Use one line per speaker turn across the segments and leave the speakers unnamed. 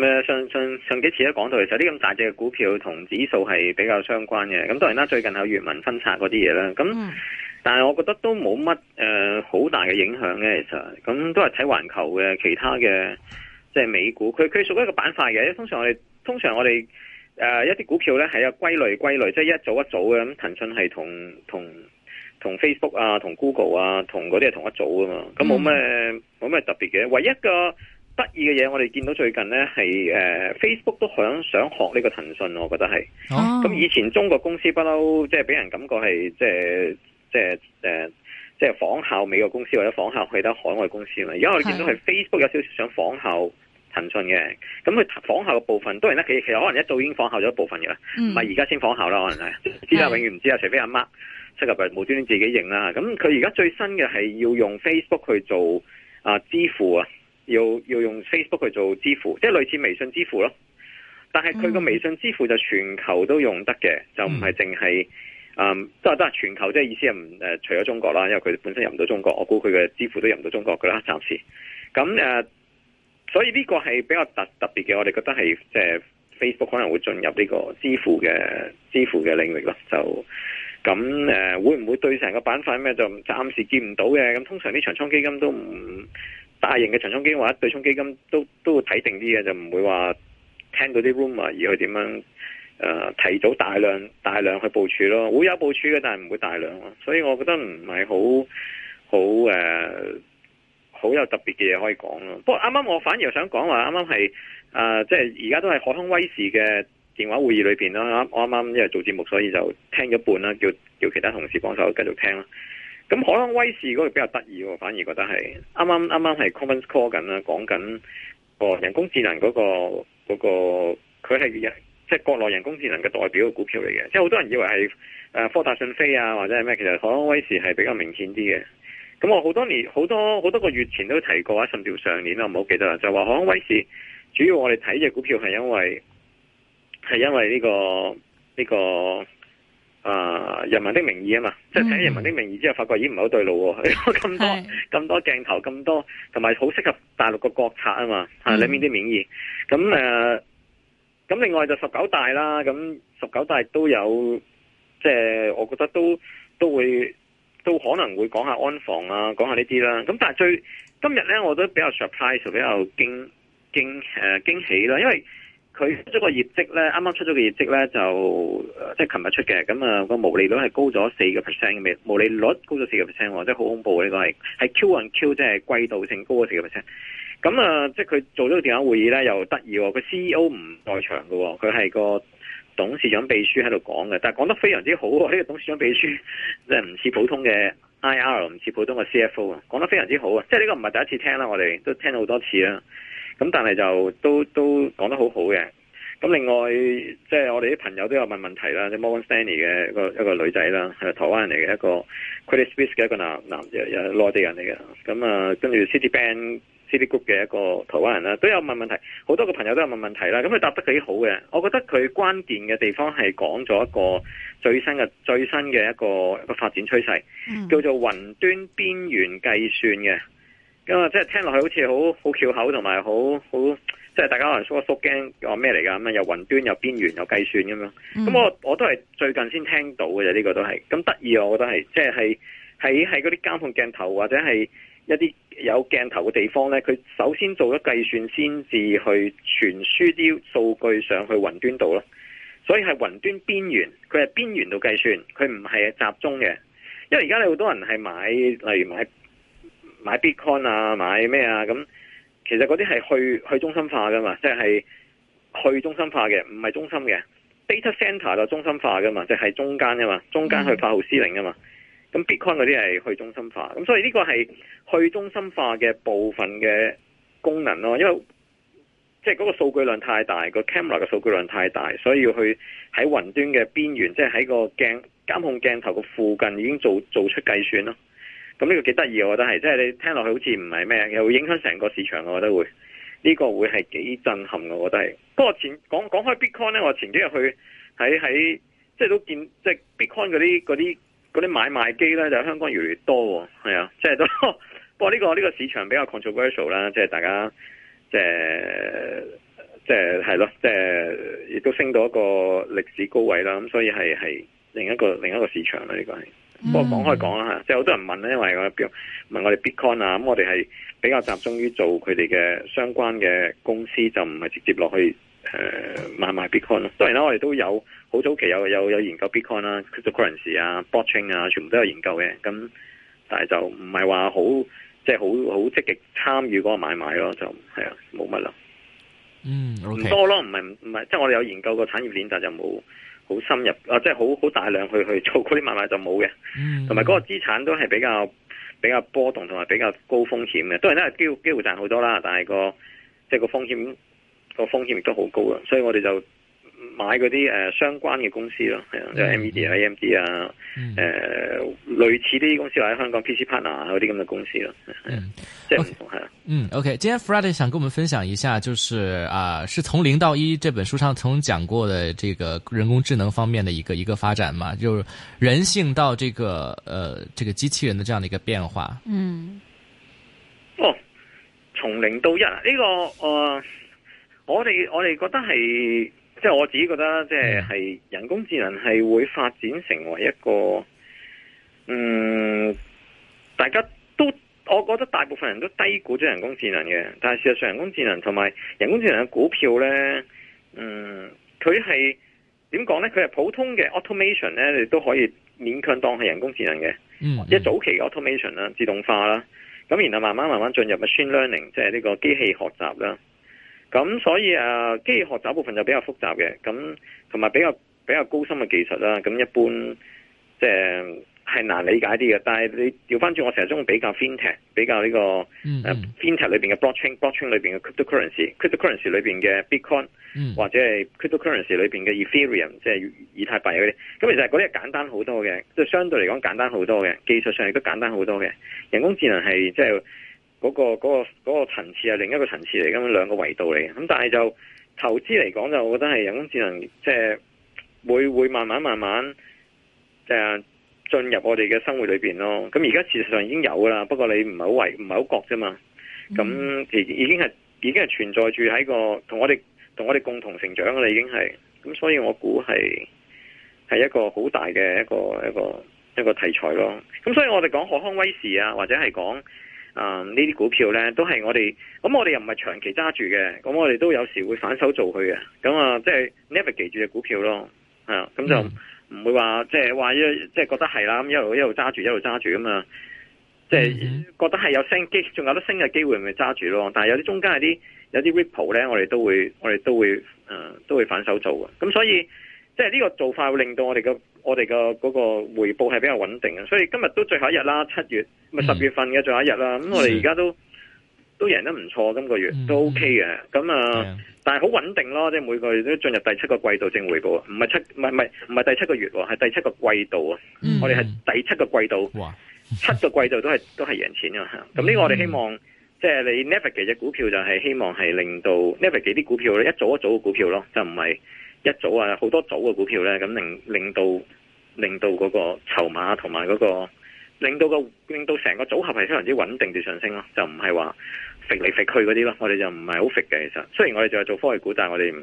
誒上上上幾次都講到其實啲咁大隻嘅股票同指數係比較相關嘅，咁當然啦，最近有閱文分拆嗰啲嘢啦，咁但係我覺得都冇乜誒好大嘅影響嘅，其實，咁都係睇環球嘅其他嘅即係美股，佢佢屬於一個板塊嘅，因為通常我哋通常我哋誒一啲股票咧係有歸類歸類，即係一組一組嘅，咁騰訊係同同同 Facebook 啊、同 Google 啊、同嗰啲係同一組噶嘛，咁冇咩冇咩特別嘅，唯一個，得意嘅嘢，我哋見到最近呢係、呃、Facebook 都想想學呢個騰訊，我覺得係。咁、oh. 以前中國公司不嬲，即係俾人感覺係即係即係、呃、即係仿效美國公司或者仿效其他海外公司嘛。而家我哋見到係 Facebook 有少少想仿效騰訊嘅，咁佢的仿效嘅部分，當然咧，其實可能一早已經仿效咗一部分嘅啦，唔係而家先仿效啦，可能係，的知啊，永遠唔知啊，除非阿 Mark 出咪無端端自己認啦。咁佢而家最新嘅係要用 Facebook 去做啊支付啊。要要用 Facebook 去做支付，即係類似微信支付咯。但係佢個微信支付就全球都用得嘅，就唔係淨係，嗯，都係都係全球，即係意思係唔誒，除咗中國啦，因為佢本身入唔到中國，我估佢嘅支付都入唔到中國噶啦，暫時。咁誒、啊，所以呢個係比較特特別嘅，我哋覺得係即係、就是、Facebook 可能會進入呢個支付嘅支付嘅領域咯。就咁誒、啊，會唔會對成個板塊咩？就暫時見唔到嘅。咁通常啲長倉基金都唔。嗯大型嘅長倉基金或者對沖基金都都會睇定啲嘅，就唔會話聽到啲 rumor 而去點樣誒、呃、提早大量大量去部署咯，會有部署嘅，但係唔會大量咯。所以我覺得唔係好好誒好有特別嘅嘢可以講咯。不過啱啱我反而又想講話，啱啱係誒即係而家都係海康威視嘅電話會議裏邊啦。我啱啱因為做節目，所以就聽咗一半啦，叫叫其他同事幫手繼續聽啦。咁海康威視嗰個比較得意喎，反而覺得係啱啱啱啱係 Conference Call 緊啦，講緊個人工智能嗰個嗰個，佢係即係國內人工智能嘅代表嘅股票嚟嘅，即係好多人以為係誒科大訊飛啊或者係咩，其實海康威視係比較明顯啲嘅。咁我好多年好多好多個月前都提過啊，甚至上年啦，我唔好記得啦，就話海康威視主要我哋睇嘅股票係因為係因為呢個呢個。這個啊、呃！人民的名義啊嘛，嗯、即係睇人民的名義之後，發覺已經唔係好對路了，咁多咁的多鏡頭，咁多同埋好適合大陸嘅國策啊嘛，係、嗯、裏面啲名義。咁誒，咁、呃、另外就十九大啦，咁十九大都有，即、就、係、是、我覺得都都會都可能會講下安防啊，講下呢啲啦。咁但係最今日咧，我都比較 surprise，比較驚驚誒驚喜啦，因為。佢出個業績咧，啱啱出咗個業績咧，就即係琴日出嘅，咁、那、啊個毛利率係高咗四個 percent 嘅，毛利率高咗四個 percent，即係好恐怖呢、這個係，係 Q on Q 即係季度性高咗四個 percent。咁啊，即係佢做咗個電話會議咧，又得意、哦，個 CEO 唔在場喎、哦，佢係個董事長秘書喺度講嘅，但係講得非常之好喎、哦。呢、這個董事長秘書即係唔似普通嘅 IR，唔似普通嘅 CFO，講得非常之好啊！即係呢個唔係第一次聽啦，我哋都聽好多次啦。咁但係就都都講得好好嘅。咁另外即係、就是、我哋啲朋友都有問問題啦，即、就、係、是、Morgan Stanley 嘅一個一個女仔啦，係台灣人嚟嘅，一個 Credit Suisse 嘅一個男男嘅，又內地人嚟嘅。咁啊，跟住 City Bank City Group 嘅一個台灣人啦，都有問問題。好多個朋友都有問問題啦。咁佢答得幾好嘅。我覺得佢關鍵嘅地方係講咗一個最新嘅最新嘅一個一個發展趨勢，叫做雲端邊緣計算嘅。咁啊即係聽落去好似好好拗口，同埋好好即係大家可能縮一縮，驚話咩嚟㗎咁啊？又雲端又邊緣又計算咁樣，咁我我都係最近先聽到嘅啫，呢個都係咁得意。我覺得係即係喺喺嗰啲監控鏡頭或者係一啲有鏡頭嘅地方咧，佢首先做咗計算，先至去傳輸啲數據上去雲端度咯。所以係雲端邊緣，佢係邊緣度計算，佢唔係集中嘅。因為而家你好多人係買，例如買。買 Bitcoin 啊，買咩啊？咁其實嗰啲係去去中心化㗎嘛，即係去中心化嘅，唔係中心嘅。Data center 就中心化㗎嘛，即係中間吖嘛，中間去發號施令吖嘛。咁、嗯、Bitcoin 嗰啲係去中心化，咁所以呢個係去中心化嘅部分嘅功能咯。因為即係嗰個數據量太大，個 camera 嘅數據量太大，所以要去喺雲端嘅邊緣，即係喺個鏡監控鏡頭嘅附近已經做做出計算咯。咁呢個幾得意，我覺得係，即係你聽落去好似唔係咩，又會影響成個市場，我覺得會，呢個會係幾震撼，我覺得係。不過前講講開 Bitcoin 咧，我前幾日去喺喺，即係都見即係 Bitcoin 嗰啲嗰啲嗰啲買賣機咧，就香港越嚟越多，係啊，即係都。不過呢個呢個市場比較 controversial 啦，即係大家即係即係係咯，即係亦都升到一個歷史高位啦，咁所以係係另一個另一個市場啦，呢個係。嗯、不過講開講啦吓，即係好多人問咧，因為我比如問我哋 bitcoin 啊，咁、嗯、我哋係比較集中於做佢哋嘅相關嘅公司，就唔係直接落去誒、呃、買賣 bitcoin 咯、啊。當然啦，我哋都有好早期有有有研究 bitcoin 啦，cryptocurrency 啊，botching 啊，全部都有研究嘅。咁、嗯、但係就唔係話好即係好好積極參與嗰個買賣咯，就係啊，冇乜啦。嗯、唔、okay、多咯，唔係唔係，即係我哋有研究個產業鏈，但就冇。好深入啊！即係好好大量去去做嗰啲買賣就冇嘅，
同埋嗰個
資產都係比較比較波動同埋比較高風險嘅。當然咧，機機會賺好多啦，但係個即係個風險個風險亦都好高啊！所以我哋就。買嗰啲誒相關嘅公司咯，係啊，即係 M E D、嗯、A M D 啊，誒、嗯呃、類似啲公司或者香港 P C Partner 嗰啲咁嘅公司咯。啊、嗯，謝
謝。嗯，OK，今天 Friday 想跟我們分享一下，就是啊，是從零到一這本書上曾講過的這個人工智能方面的一個一個發展嘛，就是人性到這個誒、呃，這個機器人的這樣的一個變化。
嗯。哦，從零到一呢、這個誒、呃，我哋我哋覺得係。即係我自己覺得，即係係人工智能係會發展成為一個，嗯，大家都我覺得大部分人都低估咗人工智能嘅。但係事實上，人工智能同埋人工智能嘅股票咧，嗯，佢係點講咧？佢係普通嘅 automation 咧，你都可以勉強當係人工智能嘅。嗯，嗯，即係早期嘅 automation 啦，自動化啦，咁然後慢慢慢慢進入 machine learning，即係呢個機器學習啦。咁所以誒、啊，機器學習部分就比較複雜嘅，咁同埋比較比較高深嘅技術啦。咁一般、嗯、即係係難理解啲嘅。但係你調翻轉我成日中比較 finTech，比較呢、這個、嗯
uh,
finTech 裏面嘅 blockchain，blockchain 裏面嘅 cryptocurrency，cryptocurrency 裏面嘅 Bitcoin，或者係 cryptocurrency 裏面嘅 Ethereum，即係以太幣嗰啲。咁其實嗰啲係簡單好多嘅，即係相對嚟講簡單好多嘅，技術上亦都簡單好多嘅。人工智能係即係。嗰個嗰個嗰個層次係另一個層次嚟嘅，兩個維度嚟嘅。咁但係就投資嚟講，就我覺得係人工智能，即係會會慢慢慢慢，即、呃、進入我哋嘅生活裏邊咯。咁而家事實上已經有啦，不過你唔係好為唔係好覺啫嘛。咁其、嗯、已經係已經係存在住喺個同我哋同我哋共同成長嘅啦。已經係咁，所以我估係係一個好大嘅一個一個一個，一個題材咯。咁所以我哋講海康威視啊，或者係講。啊！呢啲股票咧都係我哋，咁我哋又唔係長期揸住嘅，咁我哋都有時會反手做佢嘅，咁啊，即係 navigate 住嘅股票咯，係啊，咁就唔會話即係話一即係覺得係啦，咁一路一路揸住一路揸住咁嘛，
即係
覺得係有升機，仲有得升嘅機會咪揸住咯。但係有啲中間有啲有啲 ripple 咧，我哋都會我哋都會，嗯，呃，都會反手做嘅。咁所以即係呢個做法會令到我哋嘅我哋個嗰個回報係比較穩定嘅，所以今日都最後一日啦，七月咪，嗯、十月份嘅最後一日啦。咁我哋而家都，嗯、都贏得唔錯，今，這個月，嗯、都 OK 嘅。咁，嗯、啊，嗯，但係好穩定咯，即係每個月都進入第七個季度正回報，唔係七，唔係唔係唔係第七個月，啊，係第七個季度啊。嗯，我哋係第七個季度，哇七個季度都係都係贏錢啊。咁呢個，我哋希望即係，嗯、你 Nevro 嘅股票就係希望係令到 Nevro 啲股票咧一早一早嘅股票咯，就唔係。一組啊，好多組嘅股票咧，咁令令到令到嗰個籌碼同埋嗰個，令到、那個令到成個組合係非常之穩定就上升咯，就唔係話揈嚟揈去嗰啲咯。我哋就唔係好揈嘅，其實雖然我哋就係做科技股，但係我哋唔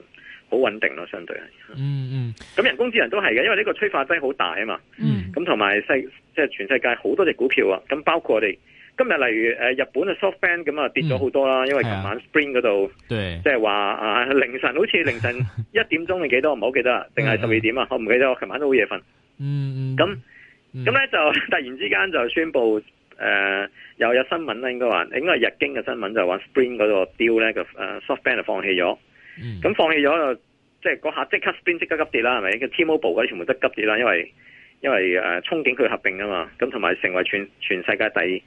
好穩定咯，相對係。嗯嗯、mm，
咁、
hmm. 人工智能都係嘅，因為呢個催化劑好大啊嘛。嗯、mm，咁同埋世即係、就是、全世界好多隻股票啊，咁包括我哋。今日例如誒日本嘅 SoftBank 咁啊跌咗好多啦，因為琴晚 spring 嗰度，即係話啊凌晨好似凌晨一點鐘定幾多唔好記得啦，定係十二點啊？我唔記得，我琴晚都好夜瞓、嗯。嗯嗯，咁咁咧就突然之間就宣布誒、呃、又有新聞啦，應該話應該係日經嘅新聞就的、嗯，就話 spring 嗰個 deal 咧個誒 SoftBank 就放棄咗。嗯，咁放棄咗就即係嗰下即刻，刻 spring 即刻急跌啦，係咪？個 T-Mobile 嗰啲全部都急跌啦，因為因為誒憧憬佢合併啊嘛，咁同埋成為全全世界第。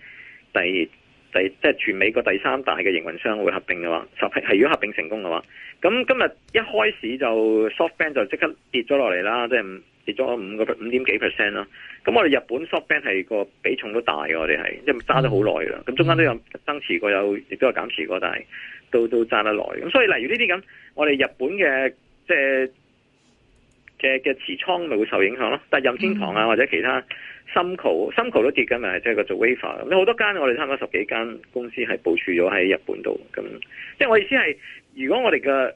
第第即係全美國第三大嘅營運商會合併嘅話，十係如果合併成功嘅話，咁今日一開始就 SoftBank 就即刻跌咗落嚟啦，即係跌咗五個五點幾 percent 啦。咁我哋日本 SoftBank 係個比重都大嘅，我哋係即係揸得好耐啦。咁中間都有增持過，有亦都有減持過，但係都都揸得耐。咁所以例如呢啲咁，我哋日本嘅即係。嘅嘅持倉咪會受影響咯，但係任天堂啊或者其他 Sumco、Sumco 都跌緊，咪即係個做 Wafer 咁，好多間我哋差唔多十幾間公司係部署咗喺日本度，咁即係我意思係，如果我哋嘅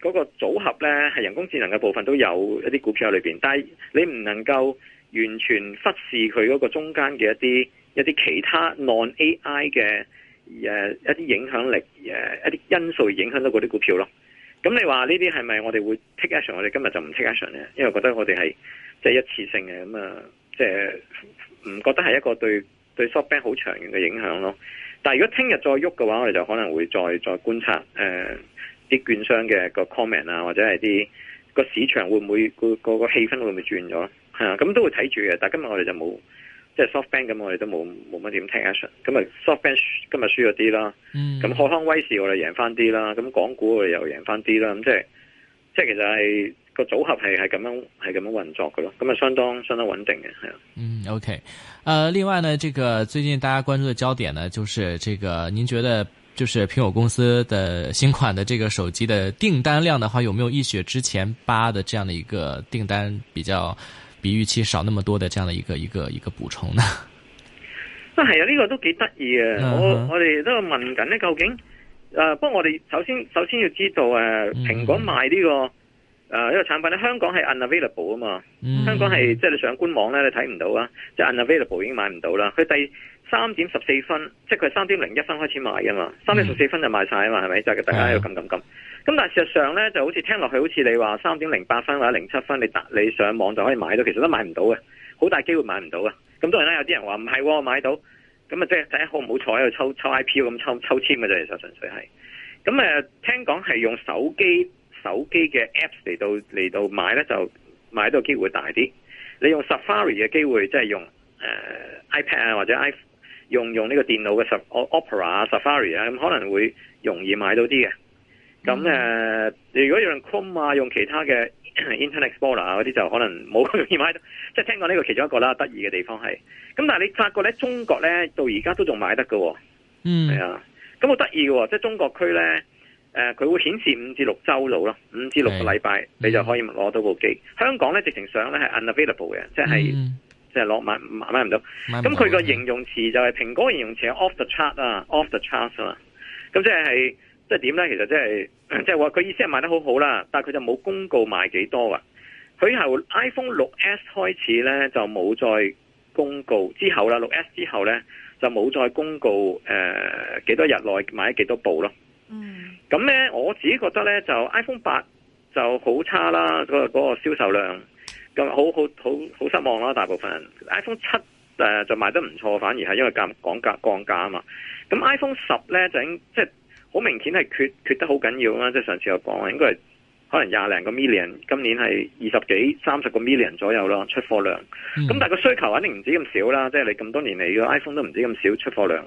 嗰個組合咧係人工智能嘅部分都有一啲股票喺裏邊，但係你唔能夠完全忽視佢嗰個中間嘅一啲一啲其他 non AI 嘅誒一啲影響力誒一啲因素影響到嗰啲股票咯。咁你話呢啲係咪我哋會 take action？我哋今日就唔 take action 咧，因為覺得我哋係即係一次性嘅，咁啊，即係唔覺得係一個對對 SoftBank 好長遠嘅影響咯。但係如果聽日再喐嘅話，我哋就可能會再再觀察誒，啲、呃、券商嘅個 comment 啊，或者係啲個市場會唔會，會個個氣氛會唔會轉咗？係啊，咁都會睇住嘅。但係今日我哋就冇。即係 SoftBank 咁，我哋都冇冇乜點 take action。咁啊，SoftBank 今日輸咗啲啦。咁海康威視我哋贏翻啲啦。咁港股我哋又贏翻啲啦。咁即係即係其實係個組合係係咁樣係咁樣運作嘅咯。咁啊相當相當穩定嘅係啊。嗯
，OK。誒、呃，另外呢，這個最近大家關注的焦點呢，就是這個，您覺得就是蘋果公司的新款的這個手機的訂單量的話，有沒有溢出之前八的這樣的一個訂單比較？比預期少那麼多的這樣的一個一個一個補充呢？
啊係啊，呢個都幾得意啊！我我哋都問緊咧，究竟啊、呃？不過我哋首先首先要知道誒，蘋果賣呢、呢個誒呢、mm hmm. 呃呢個產品咧，香港係 unavailable 啊嘛，mm hmm. 香港係即係你上官網咧，你睇唔到啊，即係 unavailable 已經買唔到啦。佢第三點十四分，即係佢係三點零一分開始賣噶嘛，三點十四分就賣晒啊嘛，係咪、mm？就係、hmm. 大家要咁咁咁。Uh huh. 咁但係事實上咧，就好似聽落去，好似你話三點零八分或者零七分你，你你上網就可以買到，其實都買唔到嘅，好大機會買唔到嘅。咁當然啦，有啲人話唔係喎，買到，咁啊即係睇好唔好彩喺度抽抽 I P O 咁抽抽籤嘅啫，其實純粹係。咁誒、呃，聽講係用手機手機嘅 Apps 嚟到嚟到買咧，就買到機會大啲。你用 Safari 嘅機會，即係用、呃、iPad 啊或者 i 用用呢個電腦嘅 Opera 啊 Safari 啊，咁可能會容易買到啲嘅。咁誒、呃，如果用 Chrome 啊，用其他嘅 Internet Explorer 啊嗰啲就可能冇咁容易買到。即係聽講呢個其中一個啦，得意嘅地方係。咁但係你發覺咧，中國咧到而家都仲買得㗎喎、哦。嗯。係啊。咁好得意嘅喎，即係中國區咧，誒、呃、佢會顯示五至六周到啦，五至六個禮拜是你就可以攞到部機。嗯、香港咧直情上咧係 unavailable 嘅，即係即係攞買買買唔到。咁佢個形容詞就係、是、的蘋果形容詞 off the chart 啊，off the chart 啊嘛。咁即係係。即係點咧？其實即係即係話佢意思係賣得好好啦，但係佢就冇公告賣幾多啊？佢由 iPhone 六 S 開始咧就冇再公告之後啦，六 S 之後咧就冇再公告誒幾、呃、多日內賣咗幾多部咯。嗯，咁咧我自己覺得咧就 iPhone 八就好差啦，個嗰、嗰個銷售量咁好好好好失望啦，大部分人 iPhone 七、呃、就賣得唔錯，反而係因為降講價降價啊嘛。咁 iPhone 十咧就已經即係。即係好明顯係缺缺得好緊要啦，即係上次我講啊，應該係可能廿零個 million，今年係二十幾三十個 million 左右啦，出貨量。咁、嗯、但係個需求肯定唔止咁少啦，即係你咁多年嚟嘅 iPhone 都唔止咁少出貨量，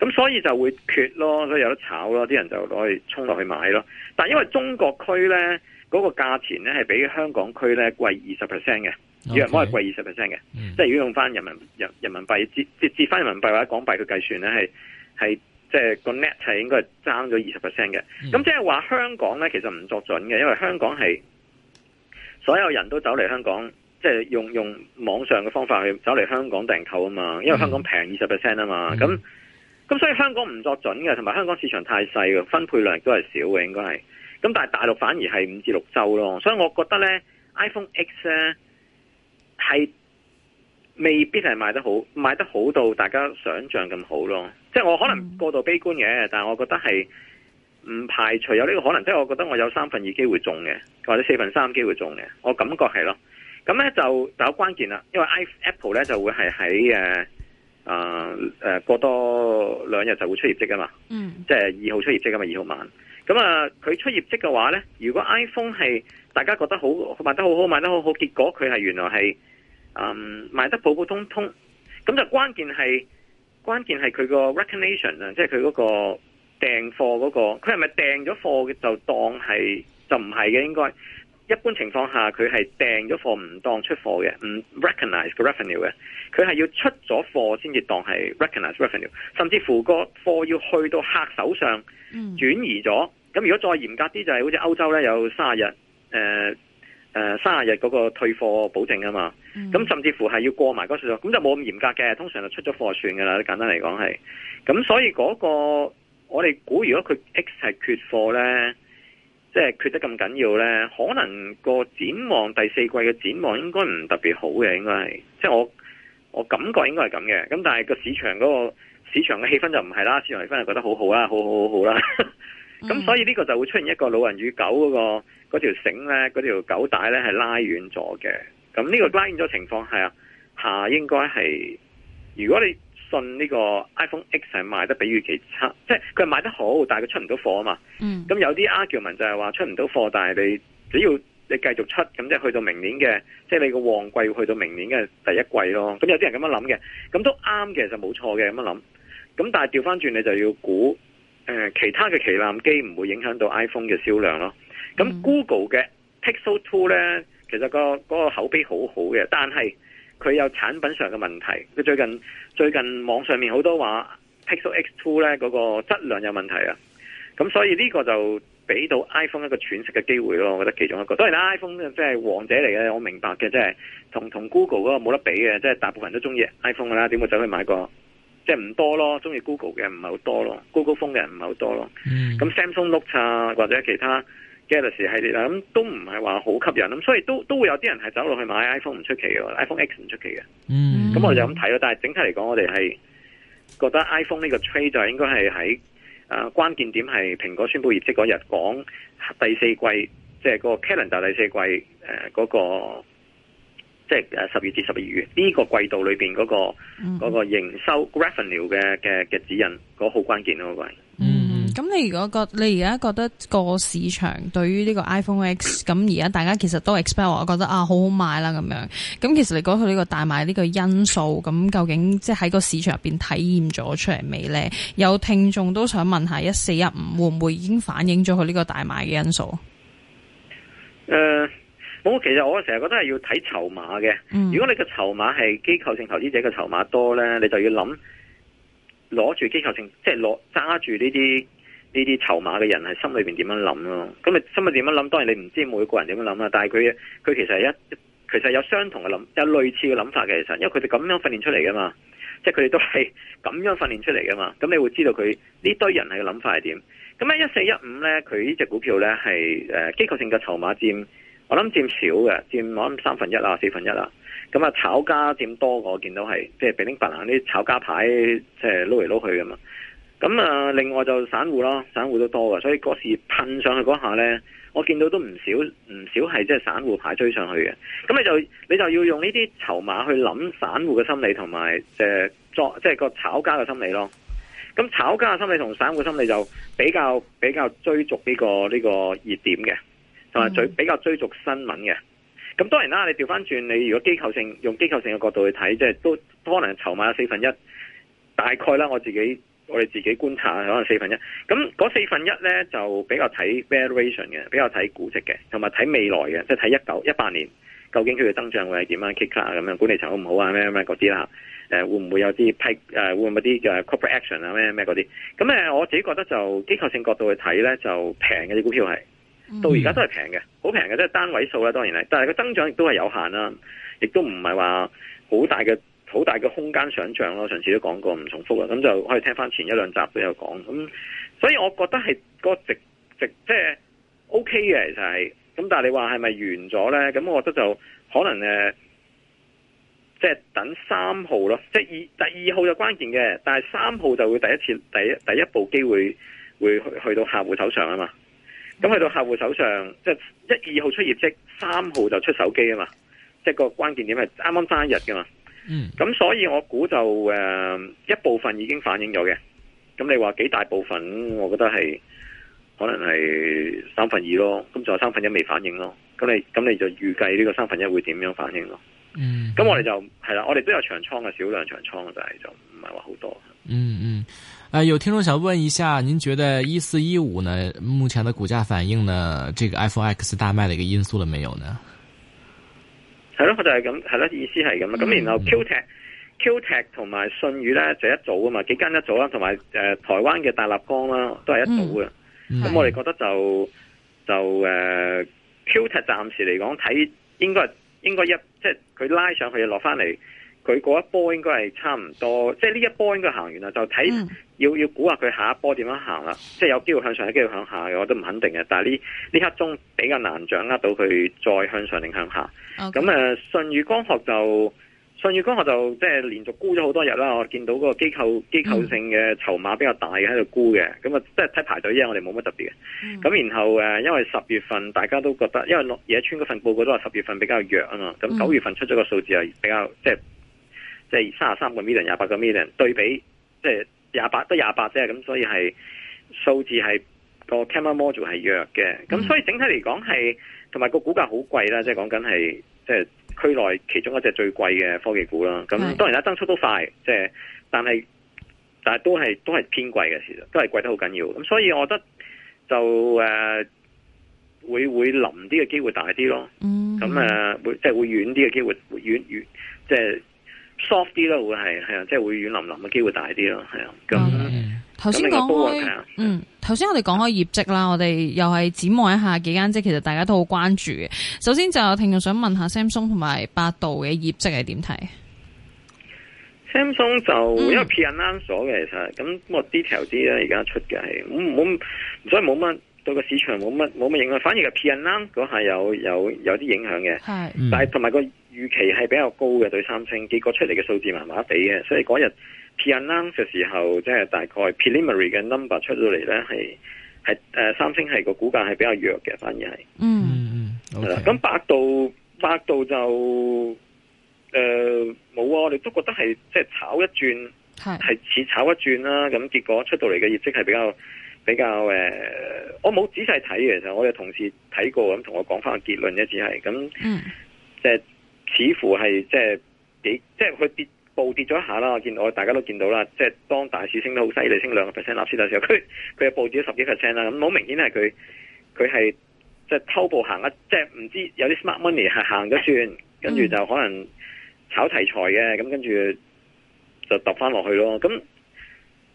咁所以就會缺咯，所以有得炒咯，啲人就攞去衝落去買咯。但係因為中國區咧嗰、那個價錢咧係比香港區咧貴二十 percent 嘅，有人講係貴二十 percent 嘅，嗯、即係如果用翻人民人人民幣折折折翻人民幣或者港幣去計算咧係係。是即係個 net 係應該係爭咗二十 percent 嘅，咁即係話香港咧其實唔作準嘅，因為香港係所有人都走嚟香港，即係用用網上嘅方法去走嚟香港訂購啊嘛，因為香港平二十 percent 啊嘛，咁咁所以香港唔作準嘅，同埋香港市場太細嘅，分配量亦都係少嘅，應該係，咁但係大陸反而係五至六周咯，所以我覺得咧 iPhone X 咧、啊、係。未必係賣得好，賣得好到大家想象咁好咯。即係我可能過度悲觀嘅，mm. 但係我覺得係唔排除有呢個可能。即、就、係、是、我覺得我有三分二機會中嘅，或者四分三機會中嘅，我感覺係咯。咁呢就就好關鍵啦，因為 iPhone Apple 呢就會係喺誒啊誒過多兩日就會出業績啊嘛。嗯。Mm. 即係二號出業績啊嘛，二號晚。咁啊，佢出業績嘅話呢，如果 iPhone 係大家覺得好賣得好好，賣得好好，結果佢係原來係。嗯，賣、um, 得普普通通，咁就關鍵係關鍵係佢個 recognition 啊，即係佢嗰個訂貨嗰、嗰個，佢係咪訂咗貨嘅就當係就唔係嘅應該，一般情況下佢係訂咗貨唔當出貨嘅，唔 recognize revenue 嘅，佢係要出咗貨先至當係 recognize revenue，甚至乎個貨要去到客手上轉移咗，咁如果再嚴格啲就係、是、好似歐洲咧有三日，呃誒，卅日嗰個退貨保證啊嘛，咁、嗯、甚至乎係要過埋嗰個數咁就冇咁嚴格嘅，通常就出咗貨算噶啦，簡單嚟講係。咁所以嗰個我哋估，如果佢 X 係缺貨咧，即係缺得咁緊要咧，可能個展望第四季嘅展望應該唔特別好嘅，應該係，即係我我感覺應該係咁嘅。咁但係個市場嗰個市場嘅氣氛就唔係啦，市場氣氛係覺得好好啦，好好好好啦。 咁、嗯、所以呢個就會出現一個老人與狗嗰、那個嗰條繩咧，嗰條狗帶咧係拉遠咗嘅。咁呢個拉遠咗情況係啊，下應該係如果你信呢個 iPhone X 係賣得比預期差，即係佢係賣得好，但係佢出唔到貨啊嘛。嗯。咁有啲 argument 就係話出唔到貨，但係你只要你繼續出，咁即係去到明年嘅，即、就、係、是、你個旺季去到明年嘅第一季咯。咁有啲人咁樣諗嘅，咁都啱嘅就冇錯嘅咁樣諗。咁但係調翻轉你就要估。呃、其他嘅旗艦機唔會影響到 iPhone 嘅銷量咯。咁 Google 嘅 Pixel Two 呢，其實、個、嗰個口碑好好嘅，但係佢有產品上嘅問題。佢最近最近網上面好多話 Pixel X Two 嗰個質量有問題啊。咁所以呢個就俾到 iPhone 一個喘息嘅機會咯。我覺得其中一個。當然啦，iPhone 即係王者嚟嘅，我明白嘅。即係同同 Google 嗰個冇得比嘅，即係大部分人都中意 iPhone 㗎啦。點會走去買個？即係唔多咯，中意 Google 嘅人唔係好多咯，Google Phone 嘅人唔係好多咯。咁、嗯、Samsung Note 啊，或者其他 Galaxy 系列啦，咁都唔係話好吸引咁，所以都都會有啲人係走落去買 iPhone 唔出奇嘅，iPhone X 唔出奇嘅。咁、嗯嗯、我就咁睇咯。但係整體嚟講，我哋係覺得 iPhone 呢個 trade、er、就應該係喺啊關鍵點係蘋果宣佈業績嗰日講第四季，即、就、係、是、個 calendar 第四季誒嗰、呃那個。即係十月至十二月呢、這個季度裏邊嗰、那個嗰、嗯、個營收 revenue 嘅嘅指引，嗰、那、好、個、關鍵咯，各位。嗯，
咁你如果覺得，你而家覺得個市場對於呢個 iPhone X，咁而家大家其實都 expect，我，我覺得啊，好好賣啦咁樣。咁其實你講，佢呢個大賣呢個因素，咁究竟即係喺個市場入邊體驗咗出嚟未呢？有聽眾都想問一下一四一五會唔會已經反映咗佢呢個大賣嘅因素？誒。Uh,
其實我成日覺得係要睇籌碼嘅。如果你個籌碼係機構性投資者嘅籌碼多呢，你就要諗攞住機構性，即係攞揸住呢啲呢啲籌碼嘅人係心裏邊點樣諗咯。咁你心裏點樣諗？當然你唔知每個人點樣諗啦。但係佢佢其實係一其實有相同嘅諗，有類似嘅諗法嘅。其實，因為佢哋咁樣訓練出嚟噶嘛，即係佢哋都係咁樣訓練出嚟噶嘛。咁你會知道佢呢堆人係嘅諗法係點。咁喺一四一五呢，佢呢隻股票呢係誒機構性嘅籌碼占。我諗佔少嘅，佔我諗三分一啊，四分一啊。咁啊，炒家佔多我見到係，即係俾拎白狼啲炒家牌，即係撈嚟撈去啊嘛。咁啊，另外就散戶囉，散戶都多嘅，所以嗰時噴上去嗰下咧，我見到都唔少唔少係即係散戶牌追上去嘅。咁你就你就要用呢啲籌碼去諗散戶嘅心理同埋、就是，即係作即係個炒家嘅心理咯。咁炒家嘅心理同散戶心理就比較比較追逐呢、這個呢、這個熱點嘅。啊，最、嗯、比較追逐新聞嘅，咁當然啦。你調翻轉，你如果機構性用機構性嘅角度去睇，即係都可能籌碼四分一，大概啦。我自己我哋自己觀察，可能四分一。咁嗰四分一咧，就比較睇 valuation 嘅，比較睇估值嘅，同埋睇未來嘅，即係睇一九一八年究竟佢嘅增長會係點樣 kick up 咁樣，管理層好唔好啊？咩咩嗰啲啦，誒、呃、會唔會有啲批誒、呃、會唔會啲嘅 corporate action 啊？咩咩嗰啲咁咧？我自己覺得就機構性角度去睇咧，就平嘅啲股票係。到而家都係平嘅，好平嘅，即係單位數呀，當然係，但係個增長亦都係有限啦，亦都唔係話好大嘅好大嘅空間想像咯。上次都講過，唔重複啦，咁就可以聽翻前一兩集都有講咁，所以我覺得係個個值值即係 OK 嘅，其實係咁。但係你話係咪完咗呢？咁我覺得就可能誒，即係等三號咯，即係二第二號就關鍵嘅，但係三號就會第一次第一第一步機會會去，去到客戶手上啊嘛。咁去到客戶手上，即係一二號出業績，三號就出手機啊嘛，即係個關鍵點係啱啱三日噶嘛。咁、嗯、所以我估就誒一部分已經反映咗嘅。咁你話幾大部分，我覺得係可能係三分二咯。咁仲有三分一未反映咯。咁你咁你就預計呢個三分一會點樣反映咯？
咁、嗯、我哋
就係啦，我哋都有長倉嘅，少量長倉嘅就係就唔係話
好多。嗯嗯，誒、嗯呃，有聽眾想問一下，您覺得一四一五呢，目前的股價反應呢，這個 iPhone X 大賣的一個因素了沒
有呢？係咯，我就係、是、咁，係咯，意思係咁啦。咁、嗯、然後 QTech、QTech 同埋信宇呢就一組啊嘛，幾間、呃、一組啦，同埋誒台灣嘅大立光啦，都係一組嘅。咁我哋覺得就就誒、呃、QTech 暫時嚟講睇，應該應該一即係佢拉上去落翻嚟。佢嗰一波應該係差唔多，即係呢一波應該行完啦，就睇、嗯、要要估下佢下一波點樣行啦。即係有機會向上，有機會向下，我都唔肯定嘅。但係呢呢一刻鐘比較難掌握到佢再向上定向下。咁誒 Okay.，舜宇光學就舜宇光學就即係、就是、連續沽咗好多日啦。我見到個機構機構性嘅籌碼比較大喺度沽嘅，咁啊、嗯，即係睇排隊啫。因為我哋冇乜特別嘅。咁、嗯、然後誒，因為十月份大家都覺得，因為野村嗰份報告都話十月份比較弱啊嘛。咁九月份出咗個數字係、嗯、比較即係。就是即係三十三個 million，廿八個 million 對比，即係廿八得廿八啫，咁所以係數字係、個 camera module 係弱嘅，咁所以整體嚟講係同埋個股價好貴啦，即係講緊係即係區內其中一隻最貴嘅科技股啦。咁當然啦，增速都快，即係但係但係都係都係偏貴嘅，其實都係貴得好緊要。咁所以我覺得就誒會會臨啲嘅機會大啲咯。咁誒會即係會遠啲嘅機會遠遠即係。soft 啲咯，會係係啊，即係會軟腍腍嘅機會大啲咯，係啊。咁頭先講開，
嗯，頭先那、嗯、我哋講開業績啦，我哋又係展望一下幾間即係其實大家都好關注嘅。首先就有聽眾想問下 Samsung 同埋百度嘅業績係點睇
？Samsung 就、嗯、因為偏啱所嘅，其實咁我 detail 啲咧，而家出嘅係好，所以冇乜。對個市場冇乜冇乜影響，反而個 P and L 嗰下有有有啲影響嘅。但係同埋個預期係比較高嘅，對三星，結果出嚟嘅數字麻麻地嘅，所以嗰日 P and L 嘅時候，即、就、係、是、大概 preliminary 嘅 number 出到嚟呢，係係、呃、三星係個股價係比較弱嘅，反而係。嗯咁的 okay. 百度百度就誒冇、呃、啊，我哋都覺得係即係炒一轉，
係係
似炒一轉啦、啊。咁結果出到嚟嘅業績係比較。比較誒，我冇仔細睇嘅，其實我有同事睇過咁同我講翻個結論一啲係咁，即係、mm. 似乎係即係幾，即係佢跌暴跌咗一下啦。我見到我大家都見到啦，即、就、係、是、當大市升得好犀利，升兩個 percent 納斯達時候，佢佢又暴跌咗十幾 percent 啦。咁好明顯係佢佢係即係偷步行一，即係唔知道有啲 smart money 係行咗算，跟住就可能炒題材嘅，咁跟住就揼翻落去咯。咁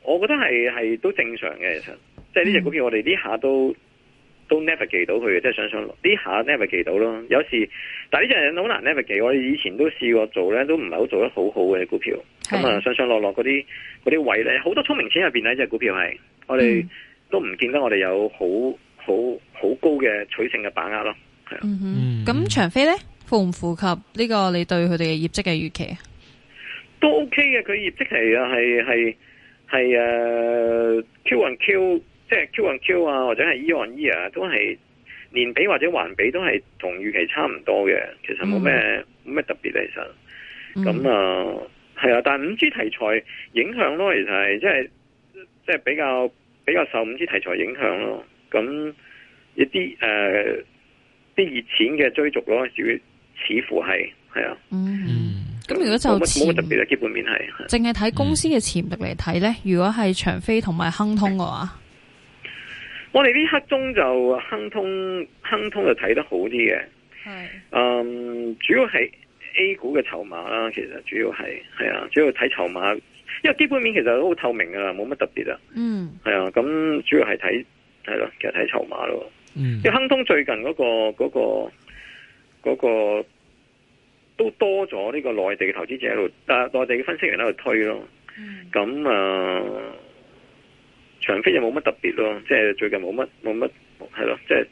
我覺得係係都正常嘅，其實。即係呢隻股票，我哋呢下都、嗯、都 navigate 到佢嘅，即係上上落呢下 navigate 到咯。有時但係呢隻嘢好難 navigate。我哋以前都試過做咧，都唔係好做得好好嘅股票。咁啊，上上落落嗰啲嗰啲位咧，好多聰明錢入邊咧，呢隻股票係我哋、嗯、都唔見得我哋有好好好高嘅取勝嘅把握咯。
咁長飛咧符唔符合呢個你對佢哋嘅業績嘅預期啊？都
OK 嘅，佢業績係係係係誒 Q and Q。即係 Q on Q 啊，或者係 E on E 啊，都係年比或者環比都係同預期差唔多嘅，其實冇咩咩特別其實。咁啊、嗯，係、呃、啊，但係五 G 題材影響咯，其實係、就是、即係即係比較比較受五 G 題材影響咯。咁一啲誒啲熱錢嘅追逐咯，主要似乎係係啊。
咁如果就冇冇
特別嘅基本面係，
淨係睇公司嘅潛力嚟睇咧。如果係長飛同埋亨通嘅話。嗯嗯嗯嗯
我哋呢刻中就亨通，亨通就睇得好啲嘅。係是，嗯，主要係 A 股嘅籌碼啦。其實主要係，係啊，主要睇籌碼。因為基本面其實都好透明㗎，啦，冇乜特別、嗯、啊。
嗯。
係啊，咁主要係睇，係咯、啊，其實睇籌碼咯。嗯。
因為
亨通最近嗰、那個，嗰、那個，嗰、那個、那個、都多咗呢個內地嘅投資者喺度，但係，內地嘅分析員喺度推咯。嗯。咁啊。呃長飛又冇乜特別咯，即係最近冇乜冇乜，係咯，即係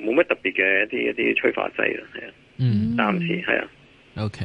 冇乜特別嘅一啲一啲催化劑咯，係啊，嗯、mm，暫時係啊，OK。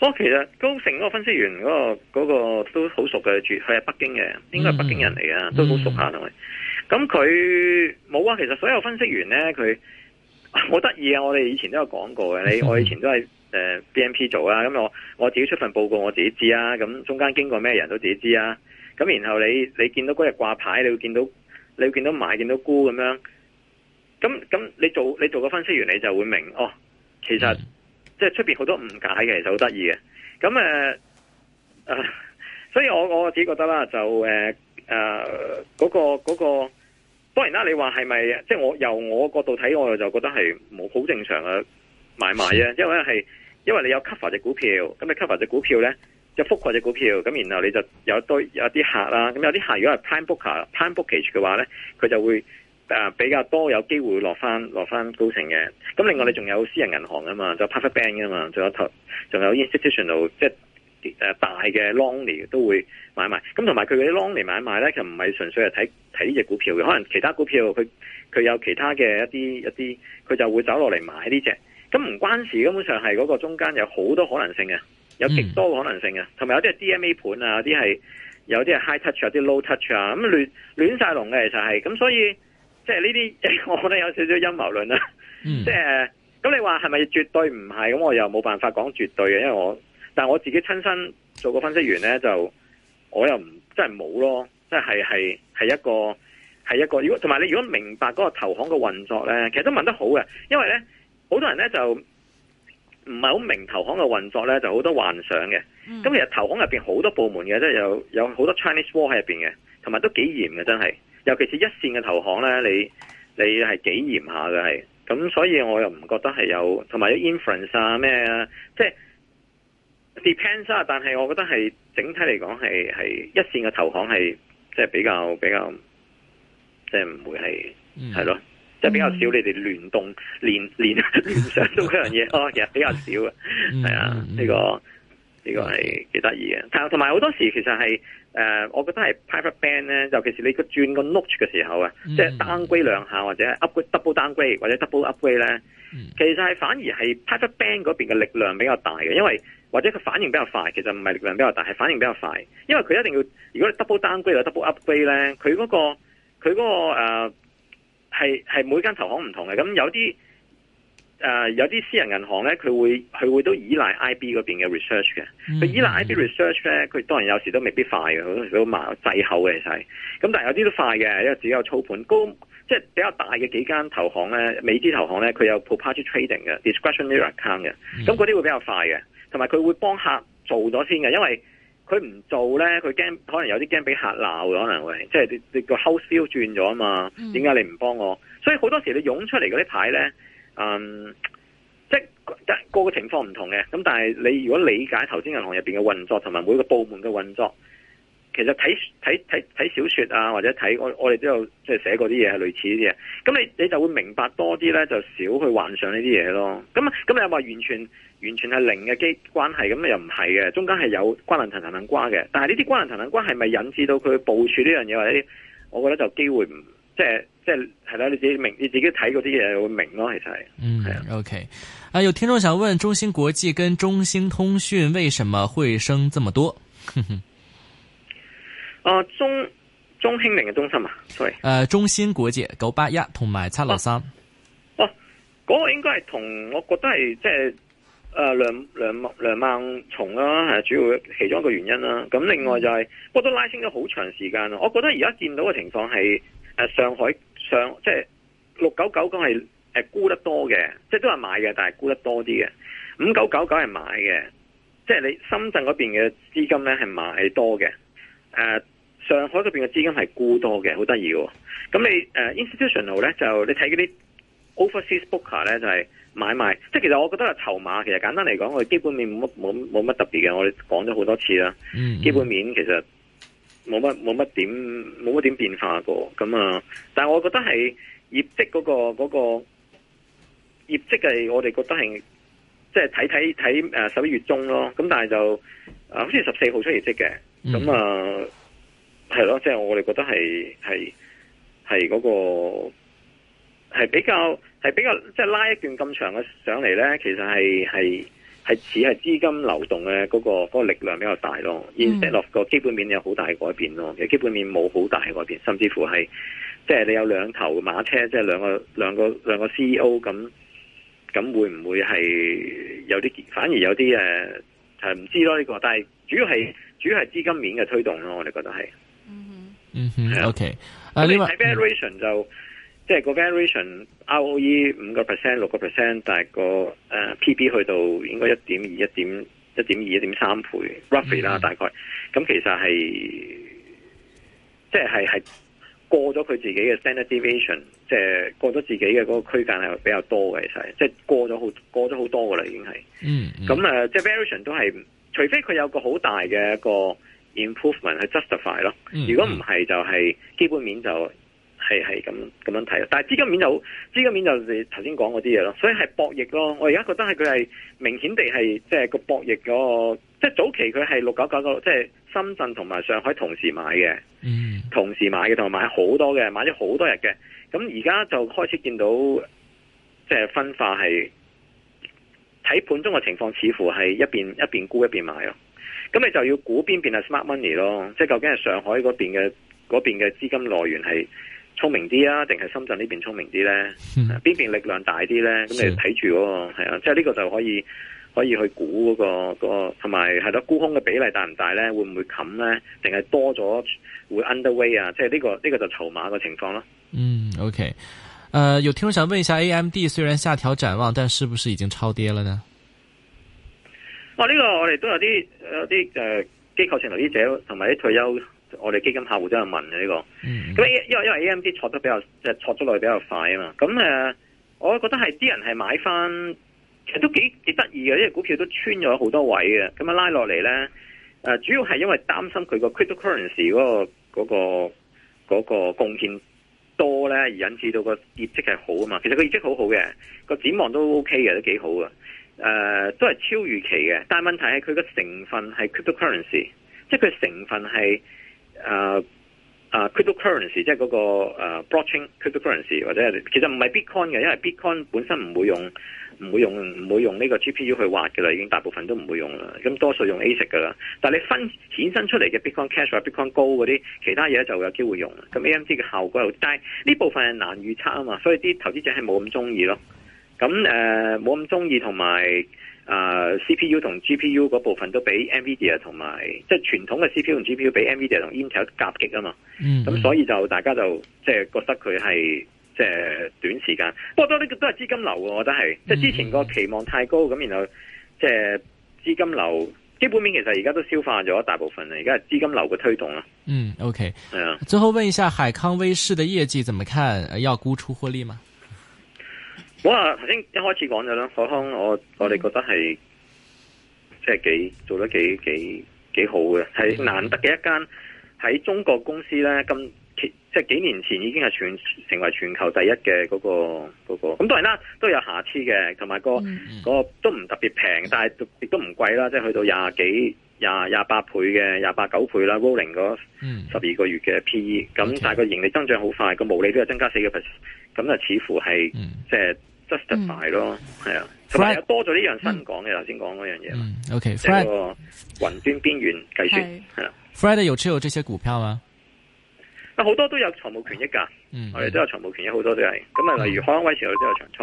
我、哦、其實高盛嗰個分析員嗰、嗰個嗰、嗰個都好熟嘅，住佢係北京嘅，應該係北京人嚟嘅，mm hmm. 都好熟下同佢。咁佢冇啊，其實所有分析員呢，佢好得意啊！我哋以前都有講過嘅，你我以前都係、呃、B N P 做啊。咁我我自己出份報告，我自己知啊。咁中間經過咩人都自己知啊。咁然後你你見到嗰日掛牌，你會見到你會見到買見到沽咁樣。咁咁你做你做個分析員，你就會明哦，其實、mm。Hmm. 即係出面好多誤解嘅，其實好得意嘅。咁誒、呃、所以我我自己覺得啦，就誒嗰、呃呃嗰個嗰、嗰個，當然啦，你話係咪？即係我由我角度睇，我就覺得係冇好正常嘅買賣啊，因為係因為你有 cover 隻股票，咁你 cover 隻股票咧，就覆過隻股票，咁然後你就有一堆、有啲客啦，咁有啲客如果係 prime broker prime brokerage 嘅話咧，佢就會。誒比較多有機會落翻落翻高成嘅，咁另外你仲有私人銀行啊嘛，就 private bank 啊嘛，仲有仲有 institutional，即係大嘅 long only 都會買賣，咁同埋佢嗰啲 long only 買賣咧就唔係純粹係睇睇呢隻股票嘅，可能其他股票佢佢有其他嘅一啲一啲，佢就會走落嚟買呢隻，咁唔關事，根本上係嗰個中間有好多可能性嘅，有極多可能性嘅，同埋、嗯、有啲係 DMA 盤啊，有啲係有啲係 high touch 啊，有啲 low touch 啊，咁、嗯、亂亂曬龍嘅其實係，咁所以。即係呢啲，我覺得有少少陰謀論啦。嗯、即係咁，你話係咪絕對唔係？咁我又冇辦法講絕對嘅，因為我，但係我自己親身做過分析員咧，就我又唔即係冇咯。即係係係一個係一個。如果同埋你如果明白嗰個投行嘅運作咧，其實都問得好嘅，因為咧好多人咧就唔係好明投行嘅運作咧，就好多幻想嘅。咁、嗯、其實投行入邊好多部門嘅，即係有有好多 Chinese Wall 喺入邊嘅，同埋都幾嚴嘅，真係。尤其是一線嘅投行咧，你你係幾嚴下嘅係，咁所以我又唔覺得係有，同埋啲 inference 啊咩啊，即係 depends 啊，但係我覺得係整體嚟講係係一線嘅投行係即係比較比較即係唔會係係、嗯、咯，即係比較少你哋聯動聯聯聯想到嗰樣嘢咯， 其實比較少嘅，係、嗯、啊呢、嗯嗯呢個。呢個係幾得意嘅，同同埋好多時候其實係誒、呃，我覺得係 private bank 咧，尤其是你轉個轉個 notch 嘅時候啊，嗯、即係 downgrade 兩下或者 upgrade double downgrade 或者 double upgrade 咧，嗯、其實係反而係 private bank 嗰邊嘅力量比較大嘅，因為或者佢反應比較快，其實唔係力量比較大，係反應比較快，因為佢一定要，如果你 double downgrade 或者 double upgrade 咧，佢嗰、嗰個佢嗰、嗰個誒係係每間投行唔同嘅，咁有啲。誒、呃、有啲私人銀行咧，佢會佢會都依賴 IB 嗰邊嘅 research 嘅。
佢、嗯、依賴 IB
research 咧，佢當然有時都未必快嘅，好多時都麻滯口嘅其實。咁但係有啲都快嘅，因為自己有操盤高，即係比較大嘅幾間投行咧，美資投行咧，佢有 proprietary trading 嘅，discretionary account 嘅。咁嗰啲會比較快嘅，同埋佢會幫客做咗先嘅，因為佢唔做咧，佢驚可能有啲驚俾客鬧，可能會即係你個 house feel 轉咗啊嘛。點解、嗯、你唔幫我？所以好多時你湧出嚟嗰啲牌咧。嗯，即係個個情況唔同嘅，咁但係你如果理解頭先銀行入邊嘅運作，同埋每個部門嘅運作，其實睇睇睇睇小說啊，或者睇我我哋都有即係寫過啲嘢，係類似啲嘢。咁你你就會明白多啲咧，就少去幻想呢啲嘢咯。咁咁你又話完全完全係零嘅基關係，咁又唔係嘅，中間係有關聯、藤藤關嘅。但係呢啲關聯、藤藤關係咪引致到佢部署呢樣嘢，或者我覺得就機會唔即係。即係啦，你自己明，你自己睇嗰啲嘢會明咯，其實
嗯，係 OK 啊，有聽眾想問，中芯國際跟中興通訊為什麼會升這麼多？
啊、 uh,，中中興明嘅中心啊，sorry，
誒，uh, 中芯國際九八一同埋七六三，
嗰、uh, uh, 個應該係同我覺得係即係誒梁梁梁萬啦，係、啊、主要其中一個原因啦、啊。咁另外就係不過都拉升咗好長時間啦，我覺得而家見到嘅情況係誒上海。上即係六九九九係誒沽得多嘅，即係都係買嘅，但係沽得多啲嘅。五九九九係買嘅，即係你深圳嗰邊嘅資金咧係買多嘅。Uh, 上海嗰邊嘅資金係沽多嘅，好得意喎，咁你、uh, institutional 咧就你睇嗰啲 overseas broker 咧就係、是、買賣，即係其實我覺得係籌碼。其實簡單嚟講，我哋基本面冇冇冇乜特別嘅，我哋講咗好多次啦。嗯嗯基本面其實。冇乜冇乜點冇乜點變化過。咁啊！但係我覺得係業績嗰個嗰個業績係我哋覺得係即係睇睇睇誒十一月中咯，咁但係就誒好似十四號出業績嘅，咁啊係咯，即係我哋覺得係係係嗰個係比較係比較即係拉一段咁長嘅上嚟咧，其實係係。係似係資金流動嘅嗰個力量比較大咯。建設落個基本面有好大改變咯，嘅基本面冇好大改變，甚至乎係即係你有兩頭馬車，即係兩個兩個兩個 CEO 咁，咁會唔會係有啲反而有啲誒係唔知咯？呢個，但係主要係、mm hmm. 主要係資金面嘅推動咯，我哋覺得係。
嗯哼、mm，嗯、hmm.
哼 yeah.，OK。你睇 valuation 就。即係個 variation，ROE 五個 percent 六個 percent，但係個誒 PB 去到應該一點二、一點一點二、一點三倍，roughly 啦、mm hmm. 大概。咁其實係即係係過咗佢自己嘅 standard deviation，即係過咗自己嘅嗰個區間係比較多嘅，其實即係過咗好過咗好多噶啦，已經係。嗯、
mm。
咁、hmm. 誒，即、uh, 係 variation 都係，除非佢有個好大嘅一個 improvement 去 justify 咯。如果唔係，就係基本面就。係係咁咁樣睇，但係資金面就，資金面就你頭先講嗰啲嘢咯，所以係博弈咯。我而家覺得係佢係明顯地係即係個博弈個，即係早期佢係六九九九，即係深圳同埋上海同時買嘅、嗯，同時買嘅，同埋買好多嘅，買咗好多日嘅。咁而家就開始見到即係分化，係睇盤中嘅情況，似乎係一邊一邊沽一邊買咯。咁你就要估邊邊係 smart money 咯，即係究竟係上海嗰邊嘅嗰邊嘅資金來源係聰明啲啊？定係深圳呢邊聰明啲咧？邊、嗯、邊力量大啲咧？咁你睇住嗰個係啊，即係呢個就可以可以去估嗰、嗰個、嗰個同埋係咯沽空嘅比例大唔大咧？會唔會冚咧？定係多咗會 underway 啊？即係呢個呢、呢個就籌碼嘅情況咯。嗯
，OK。誒、
呃，有聽眾想問一下，AMD 雖然下調展望，但是不是已經超跌了呢？哦、
啊，呢、呢個我哋都有啲有啲誒、啊、機構型投資者同埋啲退休。我哋基金客戶都有問嘅呢個，咁、嗯、因為因為 A M D 挫得比較，即係挫咗落去比較快啊嘛。咁、嗯、誒，我覺得係啲人係買翻，其實都幾幾得意嘅，因為股票都穿咗好多位嘅。咁啊拉落嚟咧，誒、呃、主要係因為擔心佢個 cryptocurrency 嗰個嗰個嗰個貢獻多咧，而引致到個業績係好啊嘛。其實個業績好好嘅，個展望都 OK 嘅，都幾好嘅。誒、呃、都係超預期嘅，但係問題係佢個成分係 cryptocurrency，即係佢成分係。誒誒、uh, uh,，crypto currency 即係嗰、那個誒、uh,，blockchain crypto currency 或者其實唔係 bitcoin 嘅，因為 bitcoin 本身唔會用唔會用唔會用呢個 GPU 去挖嘅啦，已經大部分都唔會用啦，咁多數用 ASIC 噶啦。但係你分衍生出嚟嘅 bitcoin cash 或 bitcoin gold 嗰啲其他嘢就有機會用了，咁 AMD 嘅效果又，但係呢部分係難預測啊嘛，所以啲投資者係冇咁中意咯。咁誒，冇咁中意同埋。啊，C P U 同 G P U 嗰部分都比 NVIDIA 同埋即係傳統嘅 C P U 同 G P U 比 NVIDIA 同 Intel 夾擊啊嘛，咁、嗯嗯、所以就大家就即係覺得佢係即係短時間，不過都呢都係資金流喎，我覺得係即係之前個期望太高咁，然後即係資金流基本面其實而家都消化咗大部分啦，而家係資金流嘅推動啦。
嗯，OK，係啊，最後問一下海康威視嘅業績怎麼看？要沽出獲利嗎？
我話頭先一開始講咗啦，海康我我哋覺得係即係幾做得幾幾幾好嘅，係難得嘅一間喺中國公司咧，咁即係幾年前已經係全成為全球第一嘅嗰個嗰個，咁當然啦都有瑕疵嘅，同埋、嗰個、mm hmm. 個都唔特別平，但係亦都唔貴啦，即係去到廿幾。廿廿八倍嘅廿八九倍啦，Rolling 嗰十二個月嘅 P E，咁但係個盈利增長好快，個毛利都有增加四個 percent，咁啊，似乎係即係 justify 咯，係啊，同埋多咗呢樣新講嘅，頭先講嗰樣嘢啦
，OK，個
雲端邊緣計算
，Fred 有持有這些股票啊，
好多都有財務權益噶，我哋都有財務權益，好
多都係，咁啊，例如康威時候都有長倉。